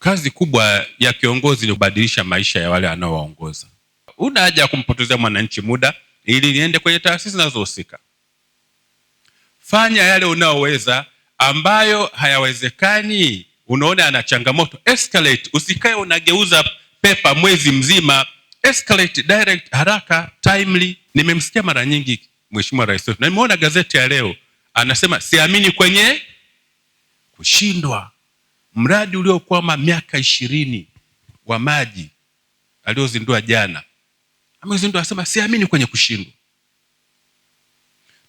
Kazi kubwa ya kiongozi ni kubadilisha maisha ya wale wanaowaongoza. Una haja ya kumpotezea mwananchi muda ili niende kwenye taasisi zinazohusika. Fanya yale unaoweza, ambayo hayawezekani unaona ana changamoto, escalate. Usikae unageuza pepa mwezi mzima, escalate direct, haraka, timely. Nimemsikia mara nyingi Mheshimiwa Rais wetu na nimeona gazeti ya leo anasema siamini kwenye kushindwa mradi uliokwama miaka ishirini wa maji aliozindua jana, amezindua, asema, siamini kwenye kushindwa.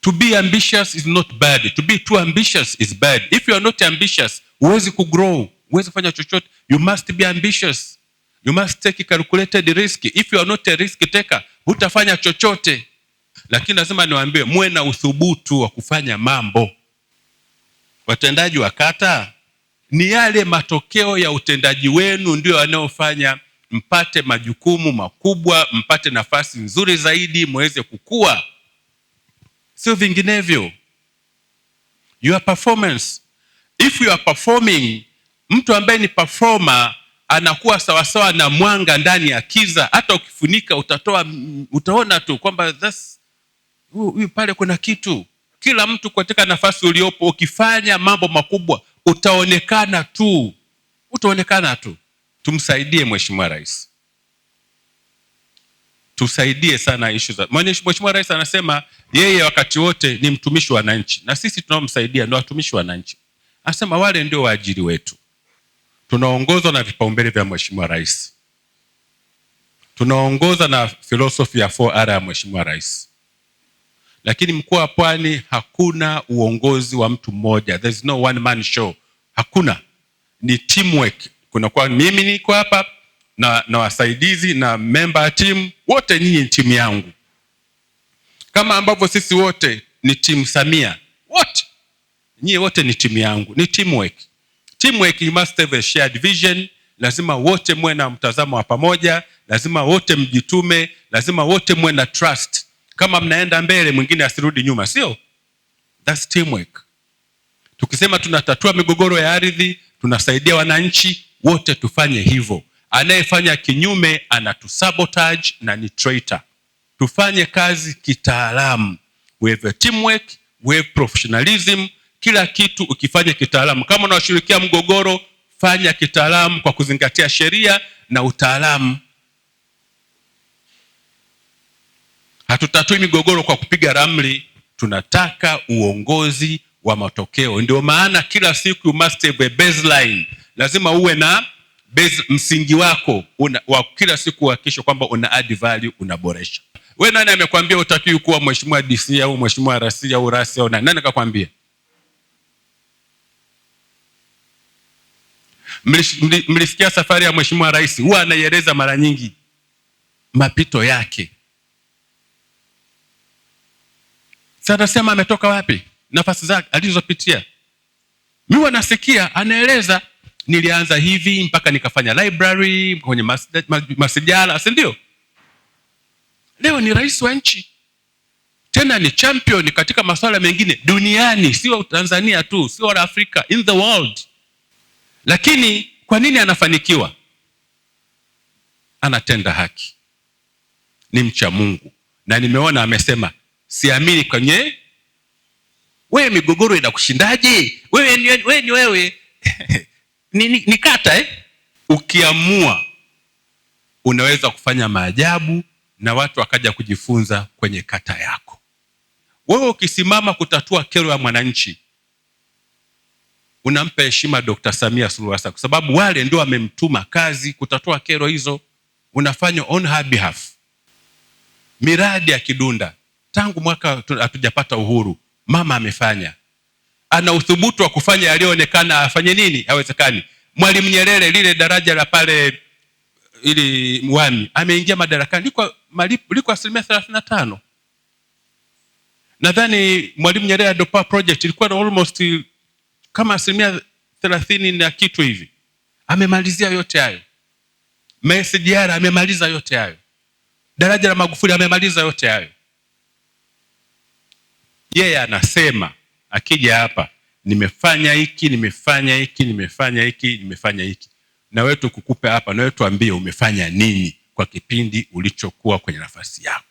To be ambitious is not bad. To be too ambitious is bad. If you are not ambitious, huwezi kugrow, huwezi kufanya chochote. You must be ambitious. You must take calculated risk. If you are not a risk taker, hutafanya chochote. Lakini lazima niwaambie, muwe na uthubutu wa kufanya mambo. Watendaji wa kata ni yale matokeo ya utendaji wenu ndio yanayofanya mpate majukumu makubwa, mpate nafasi nzuri zaidi, mweze kukua, sio vinginevyo. Your performance if you are performing, mtu ambaye ni performer anakuwa sawasawa na mwanga ndani ya kiza. Hata ukifunika utatoa, utaona tu kwamba huyu pale kuna kitu. Kila mtu katika nafasi uliopo, ukifanya mambo makubwa utaonekana tu, utaonekana tu. Tumsaidie mheshimiwa rais, tusaidie sana ishu za mheshimiwa rais. Anasema yeye wakati wote ni mtumishi wa wananchi, na sisi tunaomsaidia ndio watumishi wa wananchi. Anasema wale ndio waajiri wetu. Tunaongozwa na vipaumbele vya mheshimiwa rais, tunaongozwa na filosofi ya 4R ya mheshimiwa rais lakini mkoa wa Pwani hakuna uongozi wa mtu mmoja, there no one man show. Hakuna, ni teamwork. Kuna kwa mimi niko hapa na, na wasaidizi na memba ya tim wote, nyinyi ni timu yangu, kama ambavyo sisi wote ni timu Samia, wote nyinyi wote ni timu yangu, ni teamwork. Teamwork, you must have a shared vision. Lazima wote mwe na mtazamo wa pamoja, lazima wote mjitume, lazima wote mwe na trust kama mnaenda mbele mwingine asirudi nyuma, sio? That's teamwork. Tukisema tunatatua migogoro ya ardhi, tunasaidia wananchi wote, tufanye hivyo. Anayefanya kinyume anatusabotage na ni traitor. Tufanye kazi kitaalamu, we have teamwork, we have professionalism. Kila kitu ukifanya kitaalamu. Kama unawashirikia mgogoro, fanya kitaalamu kwa kuzingatia sheria na utaalamu. Hatutatui migogoro kwa kupiga ramli, tunataka uongozi wa matokeo. Ndio maana kila siku you must have a baseline, lazima uwe na base, msingi wako una, wa kila siku uhakikishe kwamba una add value, unaboresha. We nani amekwambia utakiwi kuwa mheshimiwa DC au mheshimiwa RC au RAS au nani? Nani kakwambia? Mlisikia safari ya mheshimiwa rais, huwa anaieleza mara nyingi mapito yake Sasa atasema ametoka wapi, nafasi zake alizopitia. Mi wanasikia anaeleza, nilianza hivi mpaka nikafanya library kwenye masijala, si ndio? Leo ni rais wa nchi, tena ni champion katika masuala mengine duniani, sio Tanzania tu, sio wala Afrika, in the world. Lakini kwa nini anafanikiwa? Anatenda haki, ni mcha Mungu, na nimeona amesema siamini kwenye wewe, migogoro inakushindaje wewe? Ni wewe, ni wewe. ni, ni, ni kata eh? Ukiamua unaweza kufanya maajabu na watu wakaja kujifunza kwenye kata yako. Wewe ukisimama kutatua kero ya mwananchi, unampa heshima Dkt. Samia Suluhu Hassan, kwa sababu wale ndio wamemtuma kazi kutatua kero hizo. Unafanya on her behalf. Miradi ya Kidunda tangu mwaka hatujapata uhuru, mama amefanya, ana uthubutu wa kufanya yaliyoonekana. Afanye nini? Hawezekani. Mwalimu Nyerere lile daraja la pale ili Mwami ameingia madarakani liko, liko asilimia thelathini na tano. Nadhani Mwalimu Nyerere adopa project ilikuwa na almost kama asilimia thelathini na kitu hivi. Amemalizia yote hayo. MSGR amemaliza yote hayo. Daraja la Magufuli amemaliza yote hayo yeye anasema akija hapa, nimefanya hiki, nimefanya hiki, nimefanya hiki, nimefanya hiki, na wewe tukukupe hapa, na wewe tuambie umefanya nini kwa kipindi ulichokuwa kwenye nafasi yako.